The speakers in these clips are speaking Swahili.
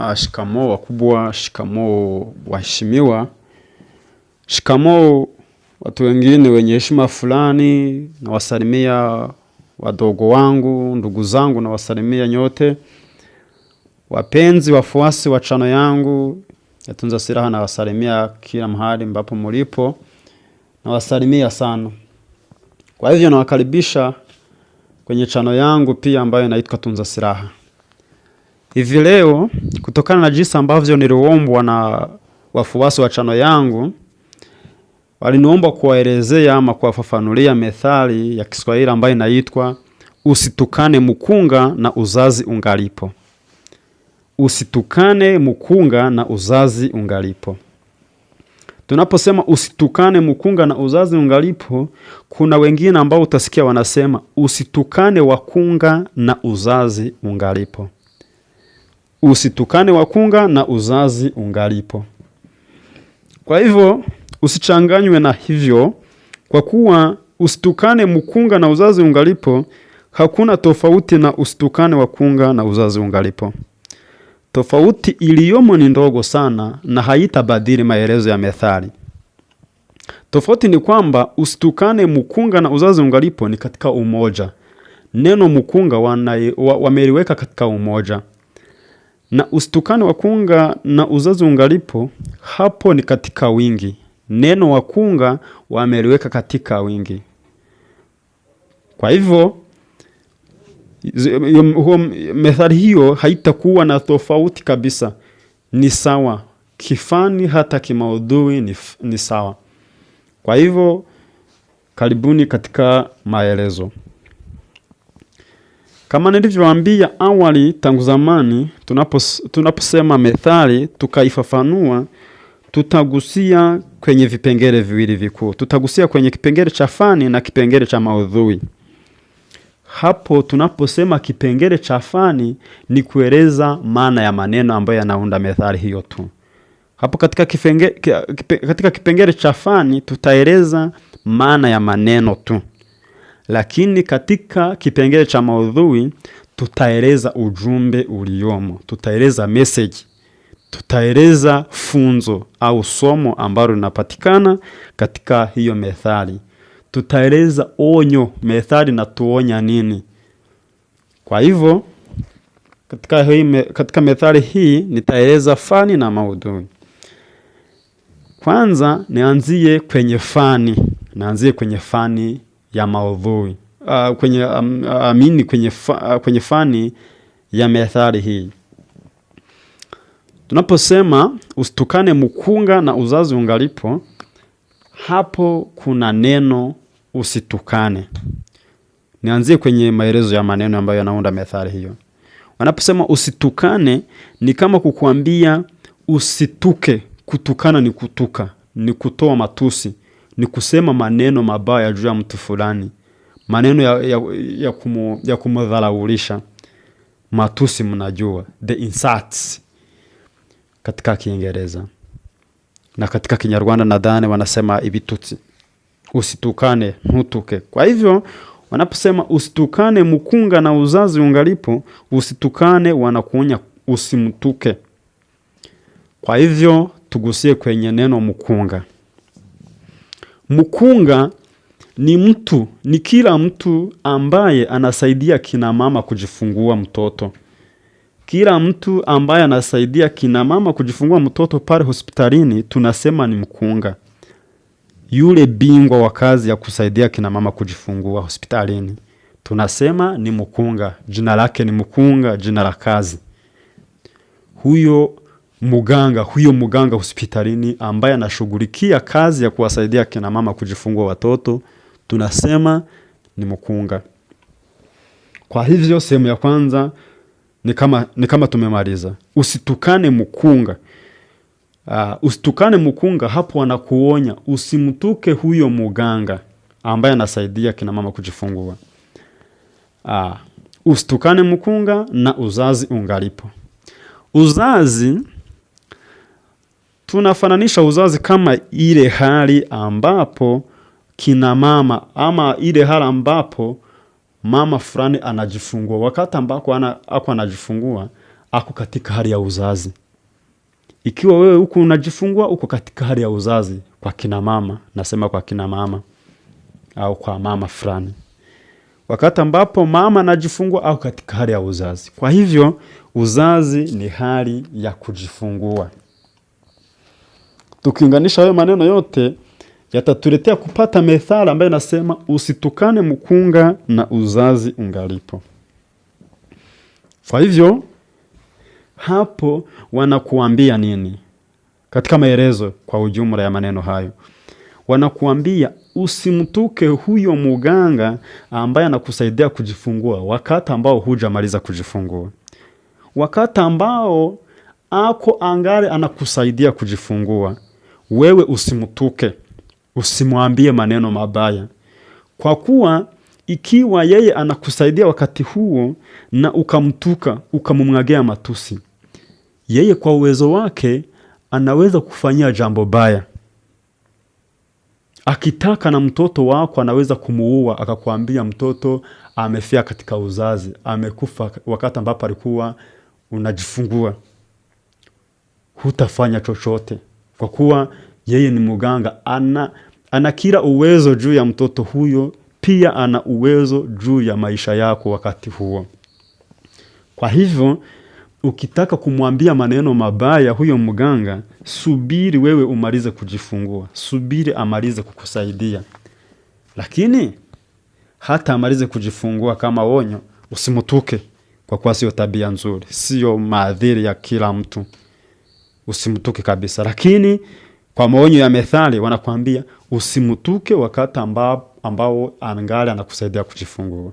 Ah, shikamoo wakubwa, shikamo waheshimiwa, shikamo watu wengine wenye heshima fulani. Nawasalimia wadogo wangu, ndugu zangu, nawasalimia nyote, wapenzi wafuasi wa chano yangu Yatunza Silaha, nawasalimia kila mahali ambapo mulipo, nawasalimia sana. Kwa hivyo nawakaribisha kwenye chano yangu pia ambayo inaitwa Tunza Silaha hivi leo, kutokana na jinsi ambavyo niliombwa na wafuasi wa chano yangu, waliniomba kuwaelezea ama kuwafafanulia methali ya Kiswahili ambayo inaitwa usitukane mkunga na uzazi ungalipo. Usitukane mkunga na uzazi ungalipo. Tunaposema usitukane mkunga na uzazi ungalipo, kuna wengine ambao utasikia wanasema usitukane wakunga na uzazi ungalipo usitukane wakunga na uzazi ungalipo. Kwa hivyo usichanganywe na hivyo, kwa kuwa usitukane mkunga na uzazi ungalipo hakuna tofauti na usitukane wakunga na uzazi ungalipo. Tofauti iliyomo ni ndogo sana na haitabadili maelezo ya methali. Tofauti ni kwamba usitukane mkunga na uzazi ungalipo ni katika umoja. Neno mkunga wameliweka katika umoja na ustukano wakunga na uzazi ungalipo, hapo ni katika wingi. Neno wakunga wameliweka katika wingi. Kwa hivyo methali hiyo haitakuwa na tofauti kabisa, ni sawa kifani, hata kimaudhui ni, ni sawa. Kwa hivyo karibuni katika maelezo. Kama nilivyowaambia awali, tangu zamani tunapos, tunaposema methali tukaifafanua, tutagusia kwenye vipengele viwili vikuu. Tutagusia kwenye kipengele cha fani na kipengele cha maudhui. Hapo tunaposema kipengele cha fani ni kueleza maana ya maneno ambayo yanaunda methali hiyo tu. Hapo katika kipengele, katika kipengele cha fani tutaeleza maana ya maneno tu lakini katika kipengele cha maudhui tutaeleza ujumbe uliomo, tutaeleza meseji tutaeleza funzo au somo ambalo linapatikana katika hiyo methali, tutaeleza onyo. Methali natuonya nini? Kwa hivyo katika, hii, katika methali hii nitaeleza fani na maudhui. Kwanza nianzie kwenye fani, naanzie kwenye fani ya maudhui uh, kwenye um, uh, amini kwenye, fa, uh, kwenye fani ya methali hii. Tunaposema usitukane mkunga na uzazi ungalipo, hapo kuna neno usitukane. Nianzie kwenye maelezo ya maneno ambayo yanaunda methali hiyo. Wanaposema usitukane, ni kama kukuambia usituke. Kutukana ni kutuka, ni kutoa matusi ni kusema maneno mabaya juu ya mtu fulani, maneno ya, ya, ya, kumu, ya kumudharaulisha. Matusi mnajua the insults katika Kiingereza na katika Kinyarwanda nadhani wanasema ibituti Usitukane, mtuke. Kwa hivyo wanaposema usitukane mkunga na uzazi ungalipo, usitukane wanakuonya usimtuke. Kwa hivyo tugusie kwenye neno mkunga. Mkunga ni mtu, ni kila mtu ambaye anasaidia kina mama kujifungua mtoto, kila mtu ambaye anasaidia kina mama kujifungua mtoto pale hospitalini tunasema ni mkunga, yule bingwa wa kazi ya kusaidia kina mama kujifungua hospitalini tunasema ni mkunga. Jina lake ni mkunga, jina la kazi. Huyo muganga huyo muganga hospitalini ambaye anashughulikia kazi ya kuwasaidia kina mama kujifungua watoto tunasema ni mkunga. Kwa hivyo sehemu ya kwanza ni kama, ni kama tumemaliza. Usitukane mkunga. Uh, ah, usitukane mkunga, hapo anakuonya usimtuke huyo muganga ambaye anasaidia kina mama kujifungua. Uh, usitukane mkunga na uzazi ungalipo. Uzazi Tunafananisha uzazi kama ile hali ambapo kina mama ama ile hali ambapo mama fulani anajifungua. Wakati ambako ako anajifungua ako katika hali ya uzazi. Ikiwa wewe huku unajifungua, uko katika hali ya uzazi kwa kina mama, nasema kwa kina mama au kwa mama fulani. Wakati ambapo mama anajifungua au katika hali ya uzazi. Kwa hivyo uzazi ni hali ya kujifungua. Tukiunganisha hayo maneno yote yatatuletea kupata methali ambayo inasema usitukane mkunga na uzazi ungalipo. Kwa hivyo hapo wanakuambia nini? Katika maelezo kwa ujumla ya maneno hayo, wanakuambia usimtuke huyo muganga ambaye anakusaidia kujifungua wakati ambao hujamaliza kujifungua, wakati ambao ako angare anakusaidia kujifungua wewe usimtuke, usimwambie maneno mabaya, kwa kuwa ikiwa yeye anakusaidia wakati huo na ukamtuka, ukamumwagia matusi, yeye kwa uwezo wake anaweza kufanyia jambo baya. Akitaka na mtoto wako anaweza kumuua, akakwambia mtoto amefia katika uzazi, amekufa wakati ambapo alikuwa unajifungua. Hutafanya chochote kwa kuwa yeye ni mganga ana, ana kila uwezo juu ya mtoto huyo, pia ana uwezo juu ya maisha yako wakati huo. Kwa hivyo ukitaka kumwambia maneno mabaya huyo mganga, subiri wewe umalize kujifungua, subiri amalize kukusaidia. Lakini hata amalize kujifungua kama onyo, usimutuke, kwa kuwa siyo tabia nzuri, siyo maadhiri ya kila mtu usimtuke kabisa. Lakini kwa maonyo ya methali wanakwambia usimtuke wakati ambao, ambao angali anakusaidia kujifungua.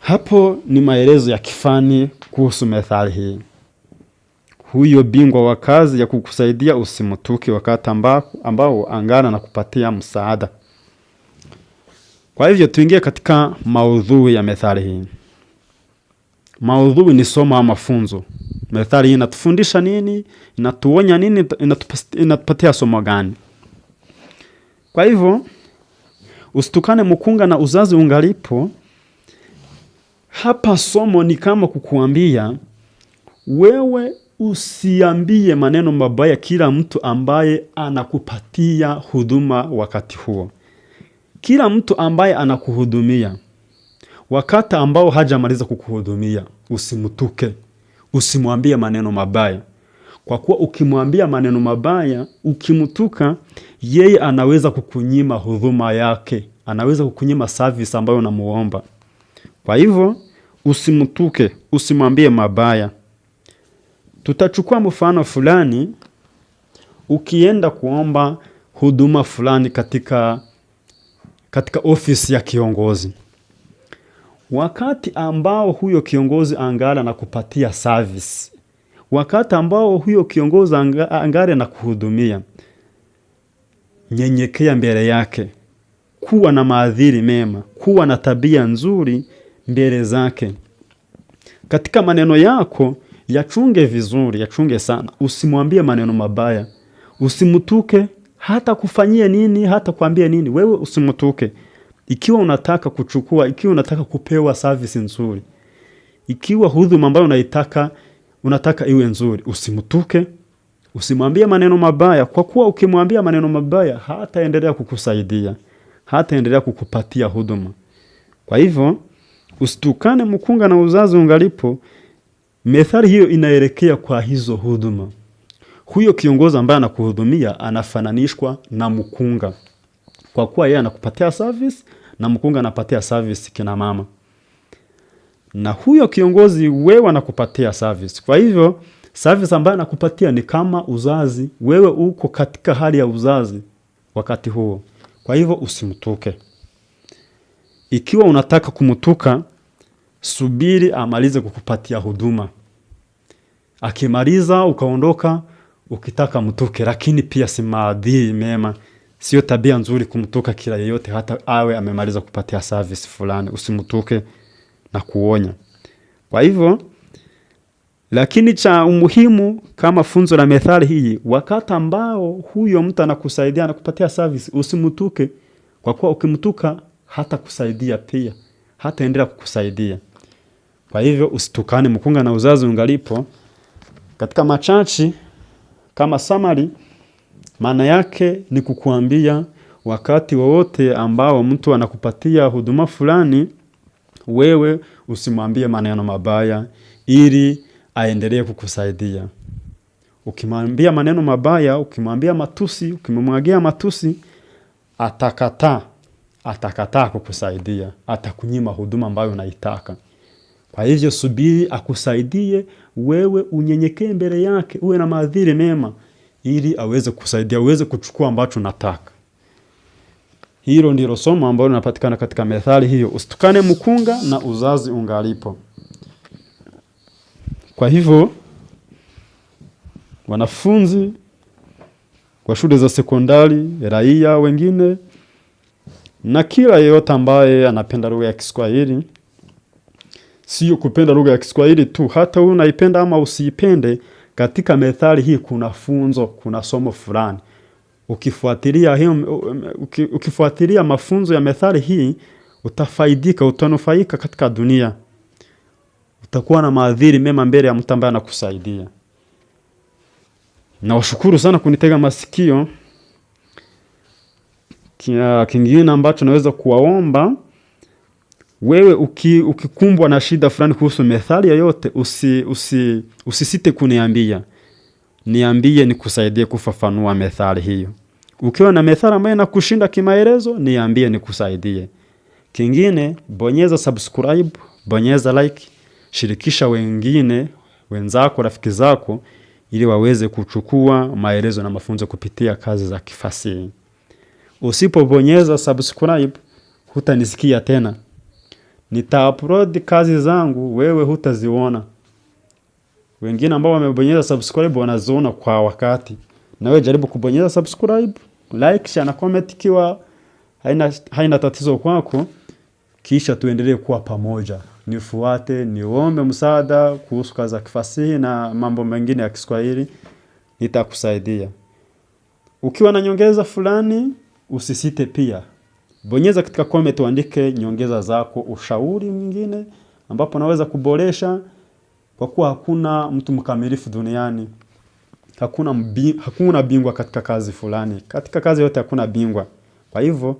Hapo ni maelezo ya kifani kuhusu methali hii. Huyo bingwa wa kazi ya kukusaidia usimtuke wakati ambao, ambao angana na kupatia msaada. Kwa hivyo tuingie katika maudhui ya methali hii maudhui ni somo ama mafunzo. Methali inatufundisha nini? Inatuonya nini? Inatupatia somo gani? Kwa hivyo usitukane mkunga na uzazi ungalipo. Hapa somo ni kama kukuambia wewe usiambie maneno mabaya kila mtu ambaye anakupatia huduma wakati huo, kila mtu ambaye anakuhudumia Wakati ambao hajamaliza kukuhudumia, usimtuke, usimwambie maneno mabaya, kwa kuwa ukimwambia maneno mabaya, ukimtuka, yeye anaweza kukunyima huduma yake, anaweza kukunyima service ambayo unamuomba. Kwa hivyo usimtuke, usimwambie mabaya. Tutachukua mfano fulani. Ukienda kuomba huduma fulani katika, katika ofisi ya kiongozi Wakati ambao huyo kiongozi angala na kupatia service, wakati ambao huyo kiongozi angale na kuhudumia, nyenyekea mbele yake, kuwa na maadhiri mema, kuwa na tabia nzuri mbele zake. Katika maneno yako yachunge vizuri, yachunge sana, usimwambie maneno mabaya, usimutuke hata kufanyie nini, hata kuambia nini, wewe usimutuke. Ikiwa unataka kuchukua, ikiwa unataka kupewa service nzuri, ikiwa huduma ambayo unaitaka unataka iwe nzuri, usimtuke, usimwambie maneno mabaya, kwa kuwa ukimwambia maneno mabaya hataendelea kukusaidia, hataendelea kukupatia huduma. Kwa hivyo usitukane mkunga na uzazi ungalipo. Methali hiyo inaelekea kwa hizo huduma. Huyo kiongozi ambaye anakuhudumia anafananishwa na mkunga, kwa kuwa yeye anakupatia service na mkunga anapatia service kina mama, na huyo kiongozi wewe anakupatia service. Kwa hivyo service ambayo anakupatia ni kama uzazi, wewe uko katika hali ya uzazi wakati huo. Kwa hivyo usimtuke. Ikiwa unataka kumtuka, subiri amalize kukupatia huduma. Akimaliza ukaondoka, ukitaka mtuke, lakini pia si maadili mema. Sio tabia nzuri kumtuka kila yeyote, hata awe amemaliza kupatia service fulani, usimtuke na kuonya. Kwa hivyo, lakini cha umuhimu kama funzo la methali hii, wakati ambao huyo mtu anakusaidia na kupatia service, usimtuke, kwa kuwa ukimtuka hata kusaidia pia, hata endelea kukusaidia. Kwa hivyo, usitukane mkunga na uzazi ungalipo. Katika machachi kama samari maana yake ni kukuambia wakati wowote ambao mtu anakupatia huduma fulani, wewe usimwambie maneno mabaya ili aendelee kukusaidia. Ukimwambia maneno mabaya, ukimwambia matusi, ukimwagia matusi, atakataa, atakataa kukusaidia, atakunyima huduma ambayo unaitaka. Kwa hivyo, subiri akusaidie, wewe unyenyekee mbele yake, uwe na maadili mema ili aweze kusaidia, aweze kuchukua ambacho nataka. Hilo ndilo somo ambalo linapatikana katika methali hiyo, usitukane mkunga na uzazi ungalipo. Kwa hivyo wanafunzi wa shule za sekondari, raia wengine na kila yeyote ambaye anapenda lugha ya Kiswahili, sio kupenda lugha ya Kiswahili tu, hata unaipenda ama usiipende katika methali hii kuna funzo, kuna somo fulani. Ukifuatilia hiyo, ukifuatilia mafunzo ya methali hii utafaidika, utanufaika katika dunia, utakuwa na maadhiri mema mbele ya mtu ambaye anakusaidia. Nawashukuru sana kunitega masikio. Ah, kingine ambacho naweza kuwaomba wewe ukikumbwa uki, na shida fulani kuhusu methali yoyote usi, usi, usisite kuniambia, niambie nikusaidie kufafanua methali hiyo. Ukiwa na methali ambayo inakushinda kimaelezo, niambie nikusaidie. Kingine, bonyeza subscribe, bonyeza like, shirikisha wengine wenzako, rafiki zako, ili waweze kuchukua maelezo na mafunzo kupitia kazi za kifasihi. Usipobonyeza subscribe, hutanisikia tena upload kazi zangu, wewe hutaziona. Wengine ambao wamebonyeza subscribe wanaziona kwa wakati. Na wewe jaribu kubonyeza subscribe, like, share na comment ikiwa haina, haina tatizo kwako, kisha tuendelee kuwa pamoja. Nifuate, niombe msaada kuhusu kazi za kifasihi na mambo mengine ya Kiswahili, nitakusaidia. Ukiwa na nyongeza fulani, usisite pia Bonyeza katika comment uandike nyongeza zako, ushauri mwingine ambapo naweza kuboresha, kwa kuwa hakuna mtu mkamilifu duniani. Hakuna, hakuna bingwa katika kazi fulani, katika kazi yote hakuna bingwa. Kwa hivyo